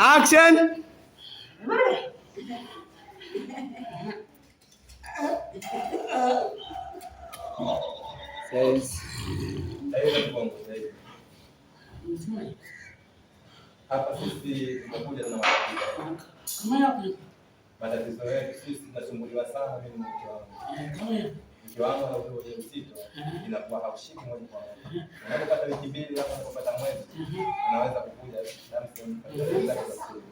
Action Matatizo yetu sisi tunasumbuliwa sana mimi na mke wangu. kiwango na upepo mzito inakuwa haushiki moja kwa moja. Unapopata wiki mbili au unapopata mwezi, unaweza kukuja damu sehemu za kusafiri.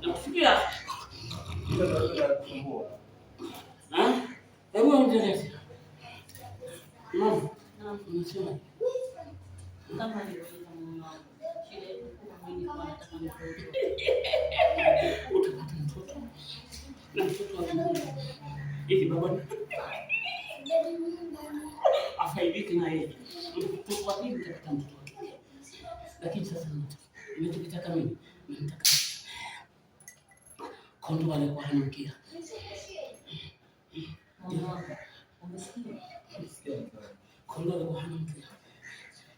Nakusikia. Hiyo ndio tunatumbua. Ah? Hebu ongeze. Mama, naam, unasema. Kama ni mwanangu. Kile mimi kwa nataka mtoto. Utapata mtoto. Na mtoto wa hivi baba afaidike na yeye katika mtoto wake. Lakini sasa ninachokitaka mimi ninataka kondoo alikuwa hana Kondoo alikuwa hana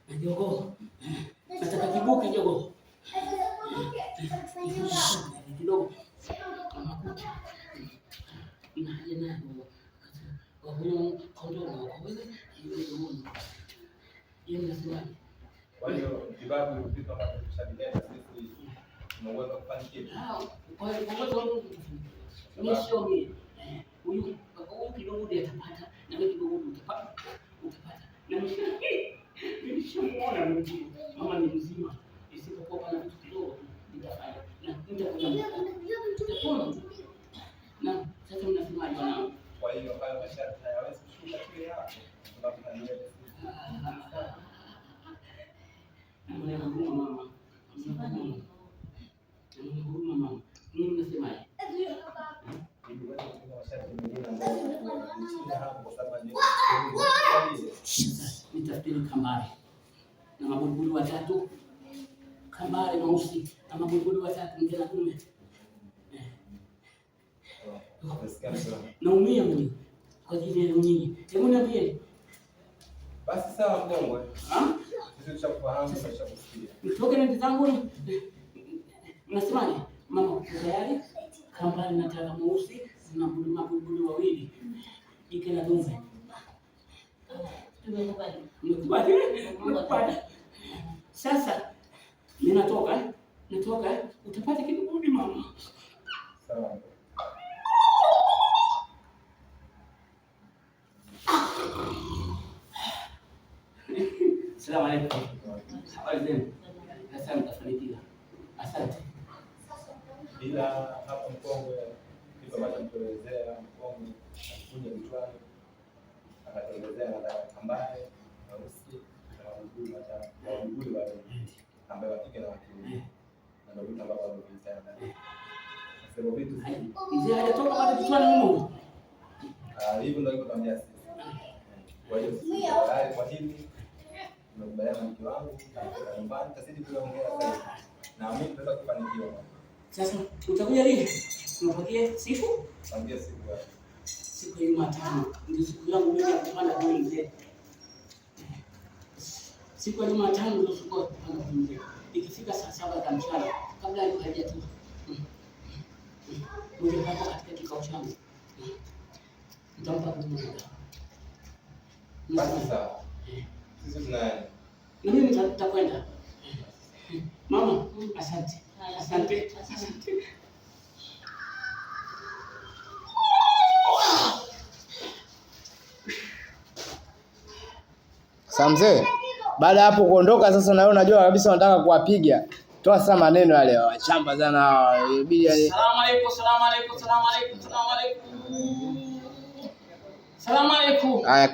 na jogoo, nataka kibuke jogoo kidogo, wahudumu kondoo na wakoweza hiyo ni muhimu. Hiyo ni sababu. Kwa hiyo kibabu vipa kama kusaidia sisi tunaweza kufanya kitu. Kwa hiyo kwa watu wangu ni sio mimi. Huyu huyu kidogo ndiye atapata na mimi kidogo utapata. Utapata. Na mimi nishamuona mtu mama ni mzima. Ana huruma mama, ana kambare na mabuibui watatu, kambare mausi na mabuibui watatu, mke na Naumia mimi kwa ajili ya nyinyi. Hebu niambie basi, sawa mkongwe. Nitoke na ndizangu nasemaje? Mama tayari kambani na tala mweusi na mabulbuli wawili ikela donze. Tumekubali. Sasa ninatoka, nitoka utapata kibudi mama. Sawa. Ah! Salamu alaikum, habari zenu? Nasema mtafanikiwa. Asante. Ila hapa mkongwe kitu ambacho mtuelezea mkongwe alikuja kichwani akatuelezea ambaye weusi na wauguli wauguli wa ambaye wakike na wakiume eh. na ndio vitu ambavyo wamevisema eh. sema vitu mzee hajatoka bado kichwani humo ah, hivyo ndio nilikuambia sisi ah. kwa hiyo kwa hili nimekubaliana na mke wangu, nyumbani, nitazidi kuongea sasa, naamini tutaweza kufanikiwa. Sasa utakuja lini? Unapakia siku? Pambia siku ya siku ya Jumatano ndio siku yangu mimi ya kupanda kwa mzee. Siku ya Jumatano ndio siku ya kupanda kwa mzee. Ikifika saa saba za mchana kabla ya kuja tu uje hapa katika kikao changu nitampa kuzungumza. Basi sawa. Eh. Mimi nitakwenda. Mama, asante. Asante. Asante. Samze, baada ya hapo kuondoka sasa, na wewe unajua kabisa unataka kuwapiga. Toa sasa maneno yale wachamba oh, sana. Ibidi Salamu alaykum, salamu alaykum, salamu alaykum, salamu alaykum. Salamu alaykum. Haya.